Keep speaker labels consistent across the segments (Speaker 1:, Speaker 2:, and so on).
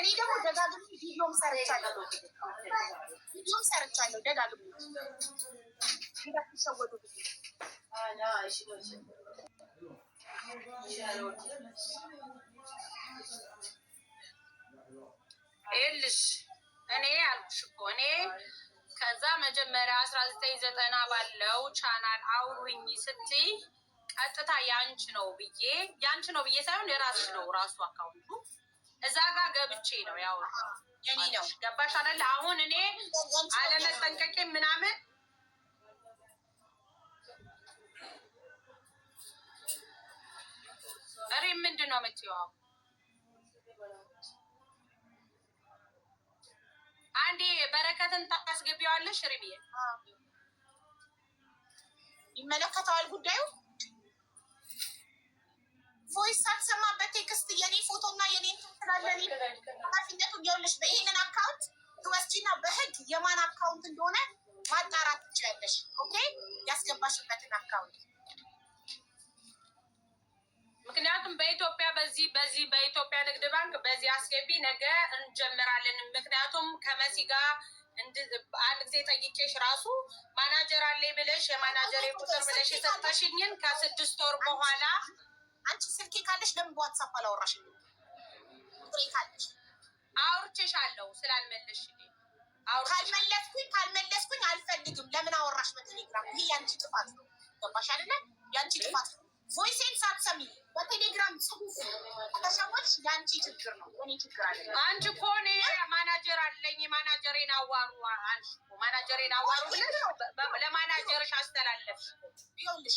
Speaker 1: እኔ ደግሞ ደጋግሜ ቪዲዮም ሰርቻለሁ ቪዲዮም ሰርቻለሁ ደጋግሜ እንዳትሸወዱ ይኸውልሽ እኔ አልኩሽ እኮ እኔ ከዛ መጀመሪያ አስራ ዘጠኝ ዘጠና ባለው ቻናል አውሩኝ ስትይ ቀጥታ ያንቺ ነው ብዬ ያንቺ ነው ብዬ ሳይሆን የራስሽ ነው ራሱ አካውንቱ እዛ ጋር ገብቼ ነው ያው የኔ ነው ገባሽ አይደለ? አሁን እኔ አለመጠንቀቄ ምናምን እሬ ምንድን ነው የምትይው? አንዴ በረከትን ታስገቢዋለሽ። ሪብዬ
Speaker 2: ይመለከተዋል ጉዳዩ ቮይስ ሳልሰማ በቴክስት የኔ ፎቶ እና የኔ ስላለኔ ኃላፊነቱ ሊሆንሽ በይህንን አካውንት ትወስጂና በህግ የማን አካውንት እንደሆነ ማጣራት ትችላለሽ። ኦኬ ያስገባሽበትን አካውንት
Speaker 1: ምክንያቱም በኢትዮጵያ በዚህ በዚህ በኢትዮጵያ ንግድ ባንክ በዚህ አስገቢ ነገ እንጀምራለን። ምክንያቱም ከመሲ ጋር አንድ ጊዜ ጠይቄሽ ራሱ ማናጀር አለኝ ብለሽ የማናጀር ቁጥር ብለሽ የሰጠሽኝን ከስድስት ወር በኋላ
Speaker 2: አንቺ ስልኬ ካለሽ ለምን በዋትሳፕ አላወራሽ? ቁጥሬ ካለሽ
Speaker 1: አውርቼሻለሁ ስላልመለስሽ
Speaker 2: ካልመለስኩኝ ካልመለስኩኝ አልፈልግም። ለምን አወራሽ በቴሌግራም? ይሄ የአንቺ ጥፋት ነው። ገባሽ አይደለ? የአንቺ ጥፋት ነው። ቮይሴን ሳትሰሚ በቴሌግራም ጽሁፍ ከተሸወድሽ የአንቺ ችግር ነው። እኔ
Speaker 1: ችግር አለ አንቺ እኮ እኔ ማናጀር አለኝ። ማናጀሬን አዋሩ አልሽ። ማናጀሬን አዋሩ ብለሽ ለማናጀርሽ አስተላለፍሽ
Speaker 2: ይኸውልሽ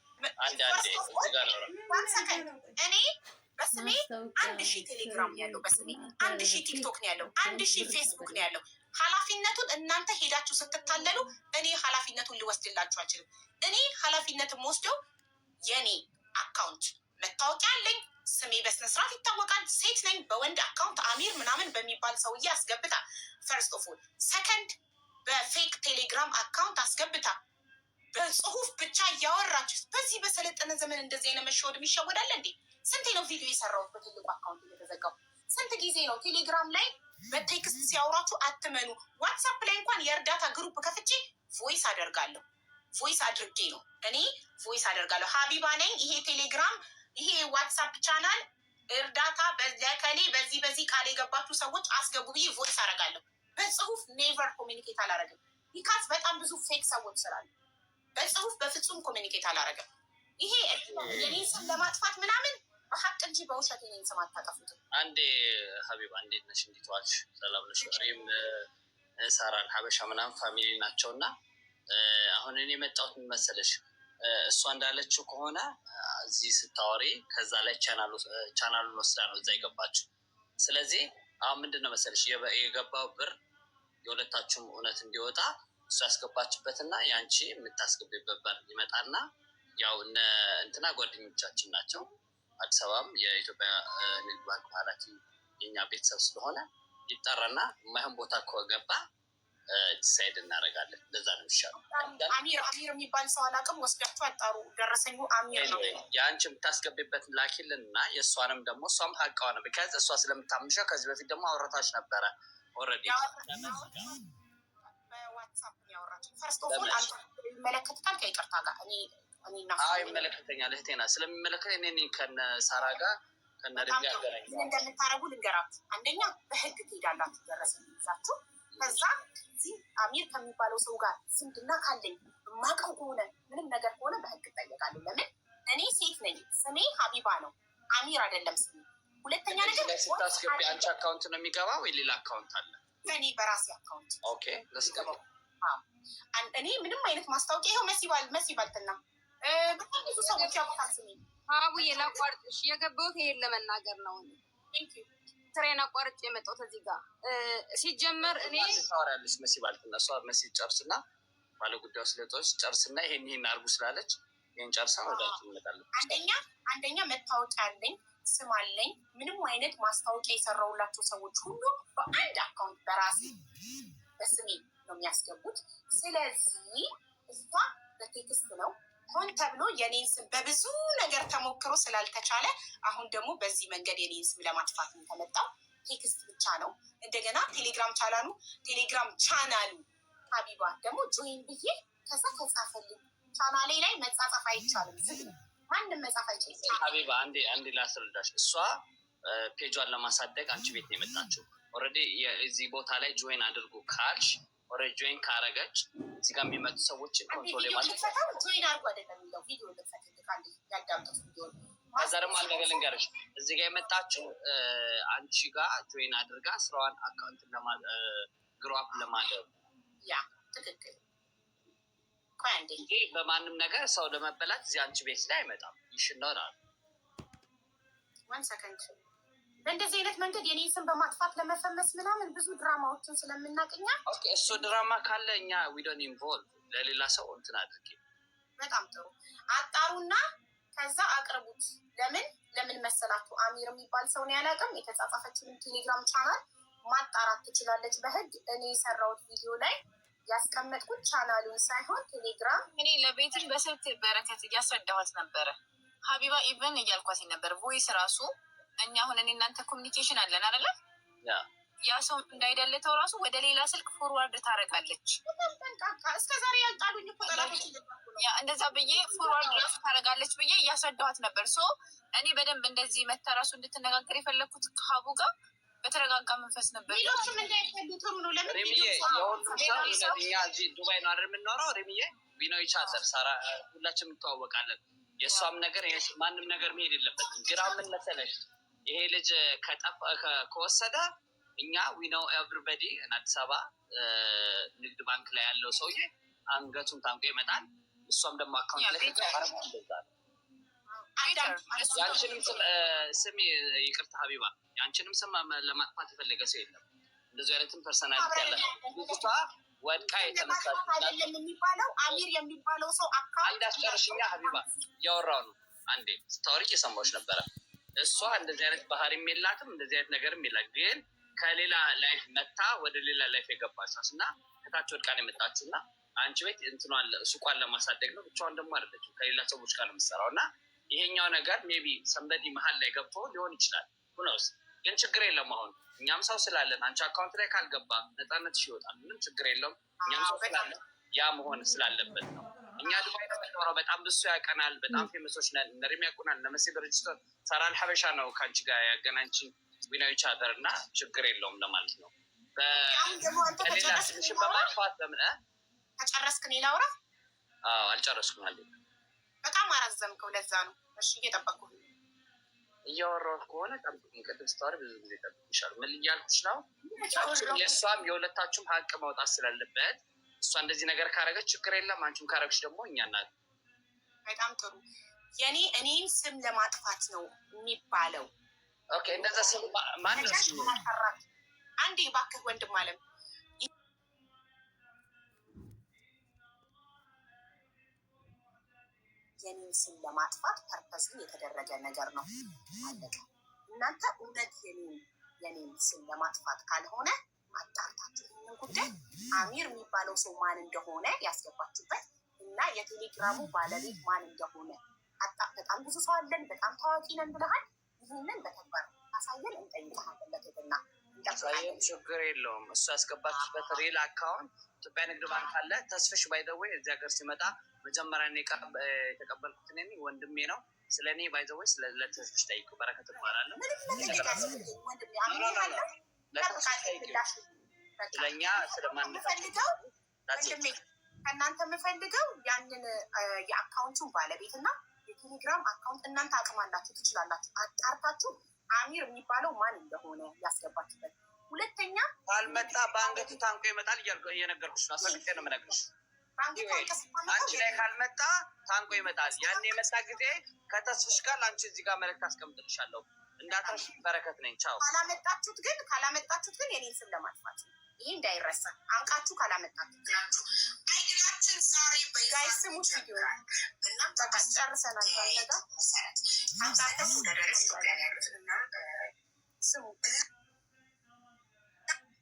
Speaker 2: አንዳንዴ እኔ በስሜ አንድ ሺህ ቴሌግራም ያለው፣ በስሜ አንድ ሺህ ቲክቶክ ነው ያለው፣ አንድ ሺህ ፌስቡክ ነው ያለው። ኃላፊነቱን እናንተ ሄዳችሁ ስትታለሉ እኔ ኃላፊነቱን ልወስድላችሁ አልችልም። እኔ ኃላፊነትም ወስደው የኔ አካውንት መታወቂያ አለኝ፣ ስሜ በስነስርዓት ይታወቃል። ሴት ነኝ። በወንድ አካውንት አሚር ምናምን በሚባል ሰውዬ አስገብታ ፈርስት ኦፍ ኦል፣ ሰከንድ በፌክ ቴሌግራም አካውንት አስገብታ በጽሁፍ ብቻ እያወራችሁ በዚህ በሰለጠነ ዘመን እንደዚህ አይነት መሸወድ ይሸወዳል እንዴ? ስንቴ ነው ቪዲዮ የሰራሁት በትልቁ አካውንት የተዘጋው? ስንት ጊዜ ነው ቴሌግራም ላይ በቴክስት ሲያወራችሁ አትመኑ። ዋትሳፕ ላይ እንኳን የእርዳታ ግሩፕ ከፍቼ ቮይስ አደርጋለሁ። ቮይስ አድርጌ ነው እኔ ቮይስ አደርጋለሁ። ሀቢባ ነኝ፣ ይሄ ቴሌግራም፣ ይሄ ዋትሳፕ ቻናል እርዳታ በከሌ በዚህ በዚህ ቃል የገባችሁ ሰዎች አስገቡ ብዬ ቮይስ አደርጋለሁ። በጽሁፍ ኔቨር ኮሚኒኬት አላረግም። ቢካዝ በጣም ብዙ ፌክ ሰዎች ስላሉ በጽሁፍ በፍጹም ኮሚኒኬት አላረገም። ይሄ የኔን ስም ለማጥፋት ምናምን በሀቅ እንጂ በውሸት የኔን ስም አታጠፉትም።
Speaker 3: አንዴ ሀቢባ እንዴት ነሽ? እንዴት ዋልሽ? ሰላም ነሽ? እኔም ሳራን ሀበሻ ምናምን ፋሚሊ ናቸው እና አሁን እኔ የመጣሁት ምን መሰለሽ እሷ እንዳለችው ከሆነ እዚህ ስታወሪ ከዛ ላይ ቻናሉን ወስዳ ነው እዛ የገባችው። ስለዚህ አሁን ምንድን ነው መሰለሽ የገባው ብር የሁለታችሁም እውነት እንዲወጣ እሱ ያስገባችበትና የአንቺ የምታስገቢበት በር ይመጣና ያው እነ እንትና ጓደኞቻችን ናቸው። አዲስ አበባም የኢትዮጵያ ንግድ ባንክ ኃላፊ የኛ ቤተሰብ ስለሆነ ይጠራና የማይሆን ቦታ ከገባ ዲሳይድ እናደርጋለን። ለዛ ነው የሚሻለው።
Speaker 2: አሚር አሚር የሚባል ሰው አላውቅም። ወስዳቸው አጣሩ። ደረሰኙ አሚር ነው።
Speaker 3: የአንቺ የምታስገቢበት ላኪልን እና የእሷንም ደግሞ እሷም ሀቃዋ ነው። ቢካዝ እሷ ስለምታምንሻ ከዚህ በፊት ደግሞ አውረታች ነበረ ኦልሬዲ ይመለከተኛል። እህቴና ስለሚመለከት እኔ ከነ ሳራ ጋር ከነ
Speaker 2: ልንገራት። አንደኛ በህግ ትሄዳላችሁ ደረሰ ይዛችሁ ከዛ አሚር ከሚባለው ሰው ጋር ስንድና ካለኝ የማውቀው ከሆነ ምንም ነገር ከሆነ በህግ እጠየቃለሁ። ለምን እኔ ሴት ነኝ፣ ስሜ ሀቢባ ነው፣ አሚር አይደለም ስሜ። ሁለተኛ ነገር
Speaker 3: ስታስገቢ አንቺ አካውንት ነው የሚገባ ወይ ሌላ አካውንት አለ?
Speaker 2: እኔ በራሴ አካውንት
Speaker 3: ኦኬ፣ ለስገባው
Speaker 2: እኔ ምንም አይነት ማስታወቂያ ይኸው መሲባል መሲባልትና በጣም ብዙ ሰዎች ያቦታል ስሜ አቡዬ ላቋርጥሽ የገባሁት ይሄን ለመናገር ነው።
Speaker 1: ስራዬን አቋርጬ የመጣሁት እዚህ ጋር ሲጀመር እኔ
Speaker 3: ታወሪያለሽ መሲባልትና እሷ መሲ ጨርስና ባለጉዳዩ ስለጦች ጨርስና ይሄን ይሄን አድርጉ ስላለች ይህን ጨርሳ ወዳችሁ እንመጣለን።
Speaker 2: አንደኛ አንደኛ መታወቂያ አለኝ ስም አለኝ። ምንም አይነት ማስታወቂያ የሰራውላቸው ሰዎች ሁሉ በአንድ አካውንት በራሴ በስሜ ነው የሚያስገቡት። ስለዚህ እዛ በቴክስት ነው ሆን ተብሎ የኔን ስም በብዙ ነገር ተሞክሮ ስላልተቻለ አሁን ደግሞ በዚህ መንገድ የኔን ስም ለማጥፋት የተመጣው ቴክስት ብቻ ነው። እንደገና ቴሌግራም ቻናሉ ቴሌግራም ቻናሉ ሀቢባ ደግሞ ጆይን ብዬ ከዛ ተጻፈልኝ። ቻናሌ ላይ መጻጻፍ አይቻልም። ማንም መጻፍ አይችልም።
Speaker 3: ሀቢባ አንዴ አንዴ ላስረዳሽ። እሷ ፔጇን ለማሳደግ አንቺ ቤት ነው የመጣችው። ኦልሬዲ እዚህ ቦታ ላይ ጆይን አድርጉ ካልሽ ኦልሬዲ ጆይን ካረገች እዚህ ጋር የሚመጡ ሰዎችን
Speaker 2: ኮንትሮል ማለት
Speaker 3: ከዛ ደግሞ አንድ ነገር ልንገርሽ፣ እዚህ ጋር የመጣችው አንቺ ጋር ጆይን አድርጋ ስራዋን አካውንት ግሮፕ ለማድረግ
Speaker 2: ያ ትክክል።
Speaker 3: በማንም ነገር ሰው ለመበላት እዚህ አንቺ ቤት ላይ አይመጣም። ይሽኖራል
Speaker 2: በእንደዚህ አይነት መንገድ የኔ ስም በማጥፋት ለመፈመስ ምናምን ብዙ ድራማዎችን ስለምናቅኛ
Speaker 3: እሱ ድራማ ካለ እኛ ዊዶን ኢንቮልቭ ለሌላ ሰው እንትን አድርጌ
Speaker 2: በጣም ጥሩ አጣሩና ከዛ አቅርቡት። ለምን ለምን መሰላችሁ አሚር የሚባል ሰው ነው ያላቅም የተጻጻፈችንም ቴሌግራም ቻናል ማጣራት ትችላለች። በህግ እኔ የሰራሁት ቪዲዮ ላይ ያስቀመጥኩት ቻናሉን ሳይሆን ቴሌግራም
Speaker 1: እኔ ለቤትን በስልክ በረከት እያስረዳኋት ነበረ። ሀቢባ ኢቨን እያልኳት ነበር ቮይስ ራሱ እኛ አሁን እኔ እናንተ ኮሚኒኬሽን አለን አይደለ? ያ ሰው እንዳይደለተው ራሱ ወደ ሌላ ስልክ ፎርዋርድ ታደርጋለች።
Speaker 2: እስከዛሬ ያልጣሉኝ ጠላቶች
Speaker 1: እንደዛ ብዬ ፎርዋርድ ራሱ ታደርጋለች ብዬ እያስረዳኋት ነበር። ሶ እኔ በደንብ እንደዚህ መታ ራሱ እንድትነጋገር የፈለግኩት ከሀቡ ጋር በተረጋጋ መንፈስ ነበር።
Speaker 2: ሌሎችም እንዳይፈልጥሩ ነው። ለምን
Speaker 3: ዱባይ ነው አይደል የምንኖረው? ሬሚዬ ቢኖይ ቻተር ሳራ ሁላችንም እንተዋወቃለን። የእሷም ነገር ማንም ነገር መሄድ የለበትም። ግራ ምን መሰለሽ ይሄ ልጅ ከወሰደ እኛ ዊነው ኤቭሪበዲ አዲስ አበባ ንግድ ባንክ ላይ ያለው ሰውዬ አንገቱን ታንቆ ይመጣል። እሷም ደግሞ አካውንት ላይ ያንችንም ስም ይቅርታ ሀቢባ፣ ያንችንም ስም ለማጥፋት የፈለገ ሰው የለም። እንደዚህ አይነትም ፐርሰናሊቲ ያለ ልጅቷ ወድቃ የተነሳችለም
Speaker 2: የሚባለው አሚር የሚባለው ሰው አካውንት
Speaker 3: እንዳስጨርሽኛ ሀቢባ፣ እያወራው ነው። አንዴ ስታወሪ እየሰማሁሽ ነበረ። እሷ እንደዚህ አይነት ባህሪም የላትም፣ እንደዚህ አይነት ነገርም የላት። ግን ከሌላ ላይፍ መታ ወደ ሌላ ላይፍ የገባች ናት እና ከታች ወድቃን የመጣችው እና አንቺ ቤት እንትኗን ሱቋን ለማሳደግ ነው። ብቻዋን ደግሞ አይደለችም፣ ከሌላ ሰዎች ጋር ነው የምትሰራው እና ይሄኛው ነገር ሜቢ ሰንበዲ መሀል ላይ ገብቶ ሊሆን ይችላል። ሁነውስ ግን ችግር የለም። አሁን እኛም ሰው ስላለን አንቺ አካውንት ላይ ካልገባ ነፃነትሽ ይወጣል። ምንም ችግር የለውም። እኛም ሰው ስላለን ያ መሆን ስላለበት ነው። እኛ ዱባይ ነው በጣም ብሱ ያቀናል። በጣም ፌመሶች ነን። ነሪም ያቁናል። እነመሲ በሬጅስተር ሰራን ሀበሻ ነው ከአንቺ ጋር ያገናንችን ዊናዊች ሀገር እና ችግር የለውም ለማለት ነው።
Speaker 2: በሌላ ስልሽን በማጥፋት ለምን ከጨረስክ ሌላ ውራ
Speaker 3: አልጨረስኩም አለ።
Speaker 2: በጣም አራዘምከው። ለዛ ነው እሺ፣ እየጠበቅኩ
Speaker 3: እያወራሁት ከሆነ ጠብቁኝ። ቅድም ስታወሪ ብዙ ጊዜ ይሻሉ። ምን እያልኩሽ ነው? የእሷም የሁለታችሁም ሀቅ መውጣት ስላለበት እሷ እንደዚህ ነገር ካረገች ችግር የለም፣ አንቺም ካረገች ደግሞ እኛ ና
Speaker 2: በጣም ጥሩ የኔ እኔም ስም ለማጥፋት ነው የሚባለው።
Speaker 3: ኦኬ እንደዛ ስም ማን
Speaker 2: አንዴ እባክህ ወንድም አለም የኔን ስም ለማጥፋት ፐርፐስ የተደረገ ነገር ነው አለቀ። እናንተ እውነት የኔን የኔን ስም ለማጥፋት ካልሆነ አጣርታችሁ ይህንን ጉዳይ አሚር የሚባለው ሰው ማን እንደሆነ ያስገባችሁበት እና የቴሌግራሙ ባለቤት ማን እንደሆነ በጣም ብዙ ሰው አለን፣ በጣም ታዋቂ ነን ብለሃል። ይህንን በተግባር አሳየን፣ እንጠይቀሃለን። ለትትና
Speaker 3: ችግር የለውም እሱ ያስገባችበት ሪል አካውንት ኢትዮጵያ ንግድ ባንክ አለ። ተስፍሽ ባይዘዌ እዚህ ሀገር ሲመጣ መጀመሪያ የተቀበልኩት ኔ ወንድሜ ነው። ስለ እኔ ባይዘዌ ስለተስፍሽ ጠይቁ። በረከት እባላለሁ።
Speaker 2: ከእናንተ የምፈልገው ያንን የአካውንቱን ባለቤት እና የቴሌግራም አካውንት እናንተ አቅም አላችሁ ትችላላችሁ፣ አጣርታችሁ አሚር የሚባለው ማን እንደሆነ ያስገባችበት። ሁለተኛ
Speaker 3: ካልመጣ በአንገቱ ታንቆ ይመጣል እየነገርኩሽ ነው። አስፈልጌ ነው የምነግርሽ። አንቺ ላይ ካልመጣ ታንቆ ይመጣል። ያን የመጣ ጊዜ ከተስፍሽ ጋር ለአንቺ እዚህ ጋር መልዕክት አስቀምጥልሻለሁ። እንዳታሽ በረከት ነኝ። ቻው።
Speaker 2: ካላመጣችሁት ግን ካላመጣችሁት ግን የኔን ስም ለማጥፋት ይህ እንዳይረሳ አንቃችሁ ካላመጣችሁት ስሙ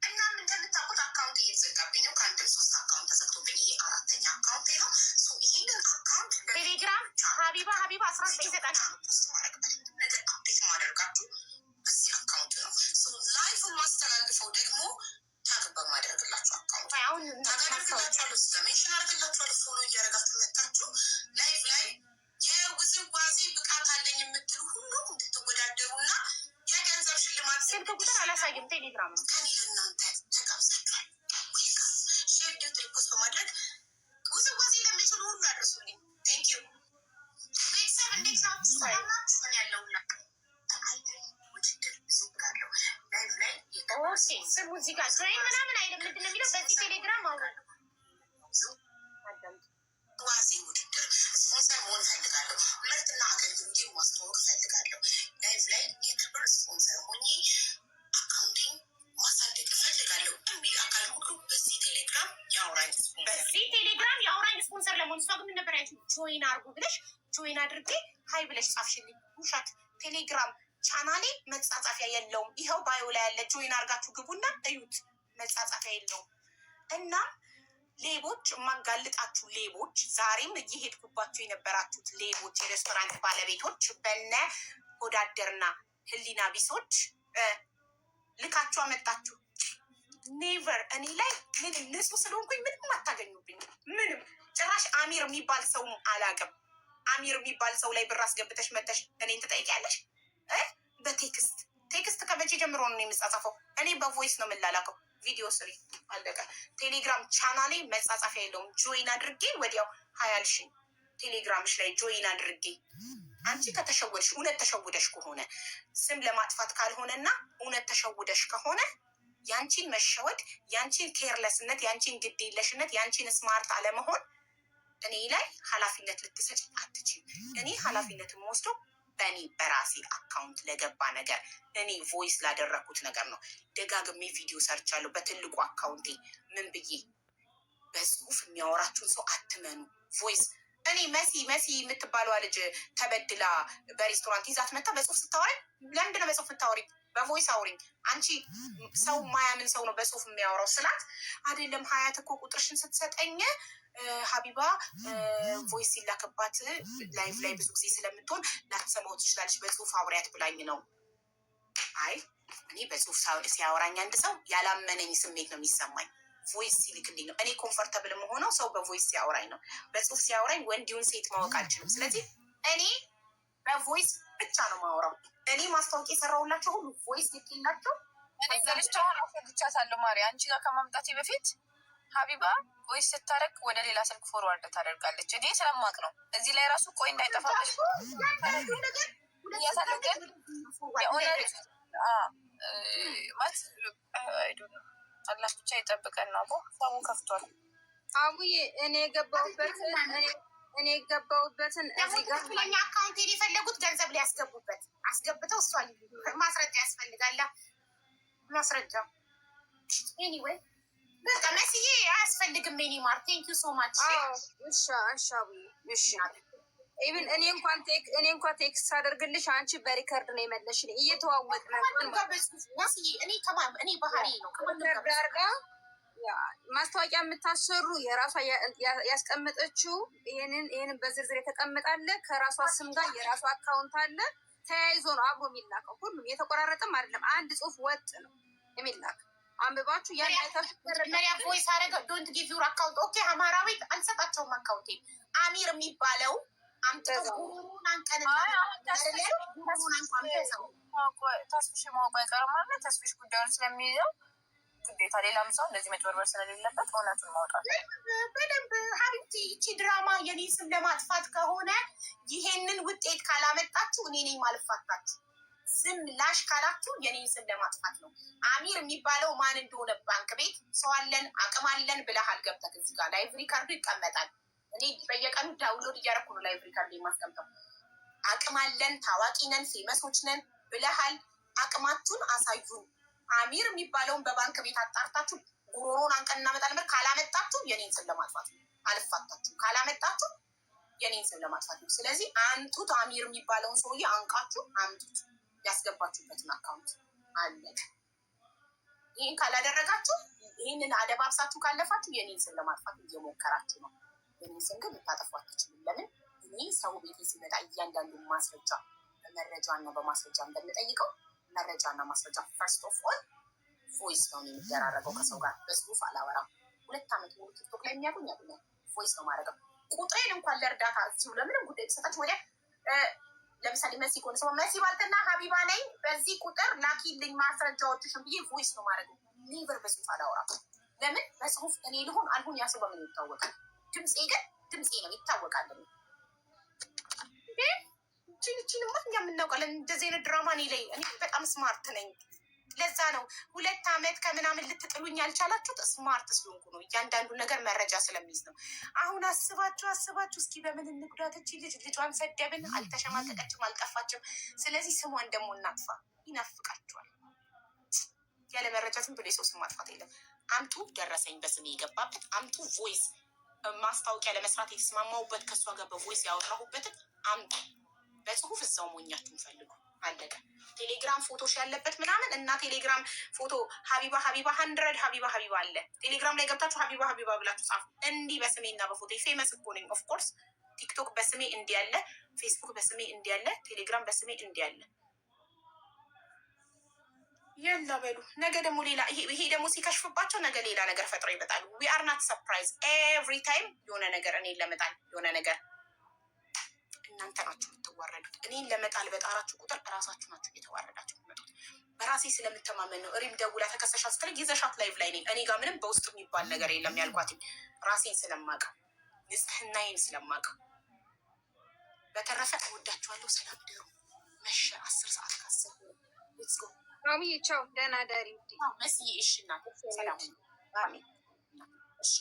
Speaker 2: እና እንደምታውቁት አካውንት እየተዘጋብኝ ነው ከአንድ ሶስት ስሙ እዚህ ጋር ምናምን አይደለም። ምንድን ነው የሚለው በዚህ ቴሌግራም አውራል ዋዜ ውድድር ስፖንሰር መሆን እፈልጋለሁ። ምርትና አገልግሎቴ በዚህ ቴሌግራም የአውራኝ ስፖንሰር ለመሆን እሷ ግን ነበር ያችው ጆይን አድርጉ ብለሽ ጆይን አድርጌ ሀይ ብለሽ ጻፍሽልኝ። ውሻት ቴሌግራም ቻናሌ መጻጻፊያ የለውም። ይኸው ባዮ ላይ ያለ ጆይን አርጋችሁ ግቡና እዩት። መጻጻፊያ የለውም እና ሌቦች የማጋልጣችሁ ሌቦች፣ ዛሬም እየሄድኩባችሁ የነበራችሁት ሌቦች፣ የሬስቶራንት ባለቤቶች በነ ወዳደርና ህሊና ቢሶች ልካችሁ አመጣችሁ። ኔቨር እኔ ላይ ምንም ንጹህ ስለሆንኩኝ ምንም አታገኙብኝ። ምንም ጭራሽ አሚር የሚባል ሰውም አላቅም። አሚር የሚባል ሰው ላይ ብር አስገብተሽ መተሽ እኔን ትጠይቂያለሽ? በድሮ ነው የምጻጻፈው። እኔ በቮይስ ነው የምላላከው። ቪዲዮ ስሪ አለቀ። ቴሌግራም ቻናሌ መጻጻፊያ የለውም። ጆይን አድርጌ ወዲያው ሀያልሽ ቴሌግራምሽ ላይ ጆይን አድርጌ አንቺ ከተሸወድሽ እውነት ተሸውደሽ ከሆነ ስም ለማጥፋት ካልሆነና እውነት ተሸውደሽ ከሆነ ያንቺን መሸወድ፣ ያንቺን ኬርለስነት፣ ያንቺን ግዴለሽነት፣ ያንቺን ስማርት አለመሆን እኔ ላይ ኃላፊነት ልትሰጭ አትችም። እኔ ኃላፊነትም ወስዶ በእኔ በራሴ አካውንት ለገባ ነገር እኔ ቮይስ ላደረግኩት ነገር ነው። ደጋግሜ ቪዲዮ ሰርቻለሁ በትልቁ አካውንቴ ምን ብዬ በጽሁፍ የሚያወራችሁን ሰው አትመኑ። ቮይስ እኔ መሲ መሲ የምትባለዋ ልጅ ተበድላ በሬስቶራንት ይዛት መታ በጽሁፍ ስታወራ ለምንድነው በጽሁፍ ምታወሪ? በቮይስ አውሪኝ አንቺ ሰው ማያምን ሰው ነው በጽሁፍ የሚያወራው ስላት፣ አይደለም ሀያት እኮ ቁጥርሽን ስትሰጠኝ ሀቢባ ቮይስ ሲላክባት ላይፍ ላይ ብዙ ጊዜ ስለምትሆን ላትሰማው ትችላለች፣ በጽሁፍ አውሪያት ብላኝ ነው። አይ እኔ በጽሁፍ ሲያወራኝ አንድ ሰው ያላመነኝ ስሜት ነው የሚሰማኝ። ቮይስ ሲልክ እንዴት ነው እኔ ኮምፈርተብል መሆነው? ሰው በቮይስ ሲያወራኝ ነው። በጽሁፍ ሲያወራኝ ወንድ ይሁን ሴት ማወቅ አልችልም። ስለዚህ እኔ በቮይስ ብቻ ነው ማውራው። እኔ ማስታወቂያ የሰራውላቸው ሁሉ ቮይስ ልኬላቸው
Speaker 1: ብቻ ሳለሁ ማሪ አንቺ ጋር ከማምጣቴ በፊት ሀቢባ ቮይስ ስታደርግ ወደ ሌላ ስልክ ፎርዋርድ ታደርጋለች። እኔ ስለማቅ ነው እዚህ ላይ ራሱ ቆይ እንዳይጠፋለች አላህ ብቻ ይጠብቀን ነው። አቦ ሰሙ ከፍቷል። አቡ እኔ የገባሁበት እኔ የገባሁበትን
Speaker 2: ትክክለኛ አካውንት የፈለጉት ገንዘብ ሊያስገቡበት አስገብተው እሷ ማስረጃ ያስፈልጋለ ማስረጃ ኤኒዌይ በቃ መስዬ አያስፈልግም። ኔ ማር ቴንኪው ሶ ማች
Speaker 1: እሺ ኢቭን እኔ እንኳን ቴክ እኔ እንኳን ቴክስ ሳደርግልሽ አንቺ በሪከርድ ነው የመለሽ። እየተዋወቅ
Speaker 2: ነው እኔ ባህሪ ነው
Speaker 1: ማስታወቂያ የምታሰሩ የራሷ ያስቀመጠችው ይህንን ይህንን በዝርዝር የተቀመጣለ ከራሷ ስም ጋር የራሷ አካውንት አለ። ተያይዞ ነው አብሮ የሚላከው። ሁሉም የተቆራረጠም አይደለም። አንድ ጽሁፍ ወጥ ነው የሚላክ አንብባችሁ ያመሪያ
Speaker 2: ቮይስ አረገ ዶንት ጊቭ ዩር አካውንት ኦኬ። አማራ ቤት አልሰጣቸውም አካውንቴ አሚር የሚባለው አምጥሩን አንቀንናለሁ
Speaker 1: ተስፍሽ ማውቀ ይቀርማለ ተስፍሽ ጉዳዩን ስለሚይዘው ግዴታ ሌላም ሰው እንደዚህ መጭበርበር ስለሌለበት እውነቱን ማውጣት
Speaker 2: በደንብ ሀብቲ። ይቺ ድራማ የኔ ስም ለማጥፋት ከሆነ ይሄንን ውጤት ካላመጣችሁ እኔ ነኝ ማልፋታችሁ። ስም ላሽ ካላችሁ የኔ ስም ለማጥፋት ነው። አሚር የሚባለው ማን እንደሆነ ባንክ ቤት ሰው አለን አቅም አለን ብለሃል። ገብተህ እዚህ ጋር ላይቭ ሪካርዱ ይቀመጣል። እኔ በየቀኑ ዳውንሎድ እያደረኩ ነው ላይቭ ሪካርዱ የማስቀምጠው። አቅም አለን ታዋቂ ነን ፌመሶች ነን ብለሃል። አቅማችሁን አሳዩን አሚር የሚባለውን በባንክ ቤት አጣርታችሁ ጉሮሮን አንቀን እናመጣ ነበር። ካላመጣችሁ የኔን ስም ለማጥፋት ነው። አልፋታችሁ ካላመጣችሁ የኔን ስም ለማጥፋት ነው። ስለዚህ አንጡት፣ አሚር የሚባለውን ሰውዬ አንቃችሁ አምጡት። ያስገባችሁበትን አካውንት አለ። ይህን ካላደረጋችሁ ይህንን አደባብሳችሁ ካለፋችሁ የኔን ስም ለማጥፋት እየሞከራችሁ ነው። የኔን ስም ግን ልታጠፉ አትችሉም። ለምን እኔ ሰው ቤቴ ሲመጣ እያንዳንዱ ማስረጃ በመረጃ መረጃና በማስረጃ እንደምጠይቀው መረጃ እና ማስረጃ ፈርስት ኦፍ ኦል ቮይስ ነው የሚደራረገው ከሰው ጋር በጽሁፍ አላወራም። ሁለት ዓመት ሙሉ ቲክቶክ ላይ የሚያገኝ ያገኛል። ቮይስ ነው ማድረገው። ቁጥሬን እንኳን ለእርዳታ ሲሉ ለምንም ጉዳይ ተሰጣችሁ ወዲያ ለምሳሌ መሲ ከሆነ ሰው መሲ ባልትና ሀቢባ ነኝ በዚህ ቁጥር ላኪልኝ ማስረጃዎችሽን ብዬ ቮይስ ነው ማድረግ። ሊቨር በጽሁፍ አላወራም። ለምን በጽሁፍ እኔ ልሆን አልሁን ያ ሰው በምን ይታወቃል? ድምፄ ግን ድምፄ ነው ይታወቃል። ቺን እኛ የምናውቃለን። እንደዚህ አይነት ድራማ እኔ ላይ እኔ በጣም ስማርት ነኝ። ለዛ ነው ሁለት ዓመት ከምናምን ልትጥሉኝ ያልቻላችሁት። ስማርት ስለሆንኩ ነው። እያንዳንዱ ነገር መረጃ ስለሚይዝ ነው። አሁን አስባችሁ አስባችሁ እስኪ በምን እንጉዳትች ልጅ ልጇን ሰደብን። አልተሸማቀቀችም፣ አልጠፋችም። ስለዚህ ስሟን ደግሞ እናጥፋ። ይናፍቃችኋል። ያለ መረጃ ዝም ብሎ የሰው ስም ማጥፋት የለም። አምጡ ደረሰኝ በስሜ የገባበት አምጡ ቮይስ ማስታወቂያ ለመስራት የተስማማሁበት ከእሷ ጋር በቮይስ ያወራሁበትን አምጡ በጽሁፍ እዛው ሞኛችሁ ፈልጉ። አለቀ። ቴሌግራም ፎቶሽ ያለበት ምናምን እና ቴሌግራም ፎቶ ሀቢባ ሀቢባ ሀንድረድ ሀቢባ ሀቢባ አለ። ቴሌግራም ላይ ገብታችሁ ሀቢባ ሀቢባ ብላችሁ ጻፉ። እንዲህ በስሜ እና በፎቶ ፌመስ እኮ ነኝ። ኦፍኮርስ ቲክቶክ በስሜ እንዲህ ያለ፣ ፌስቡክ በስሜ እንዲህ ያለ፣ ቴሌግራም በስሜ እንዲህ ያለ የላ በሉ። ነገ ደግሞ ሌላ ይሄ ደግሞ ሲከሽፍባቸው ነገ ሌላ ነገር ፈጥረው ይመጣሉ። ዊ አር ናት ሰፕራይዝ ኤቭሪ ታይም የሆነ ነገር እኔ ለመጣል የሆነ ነገር እናንተ ናቸው። የምትዋረዱት። እኔን ለመጣል በጣራችሁ ቁጥር ራሳችሁ ናችሁ እየተዋረዳችሁ መጡት። በራሴ ስለምተማመን ነው። ሪም ደውላ ተከሰሻ ስትለኝ ይዘሻት ላይቭ ላይ ነኝ። እኔ ጋር ምንም በውስጥ የሚባል ነገር የለም ያልኳት ራሴን ስለማቀ ንጽህናዬን ስለማቀ በተረፈ እወዳችኋለሁ። ሰላም ደሩ። መሸ አስር ሰዓት ካስብ
Speaker 1: ሮሚዬ ቻው፣ ደህና ደሪ
Speaker 2: መስዬ። እሺ እናቴ ሰላም። እሺ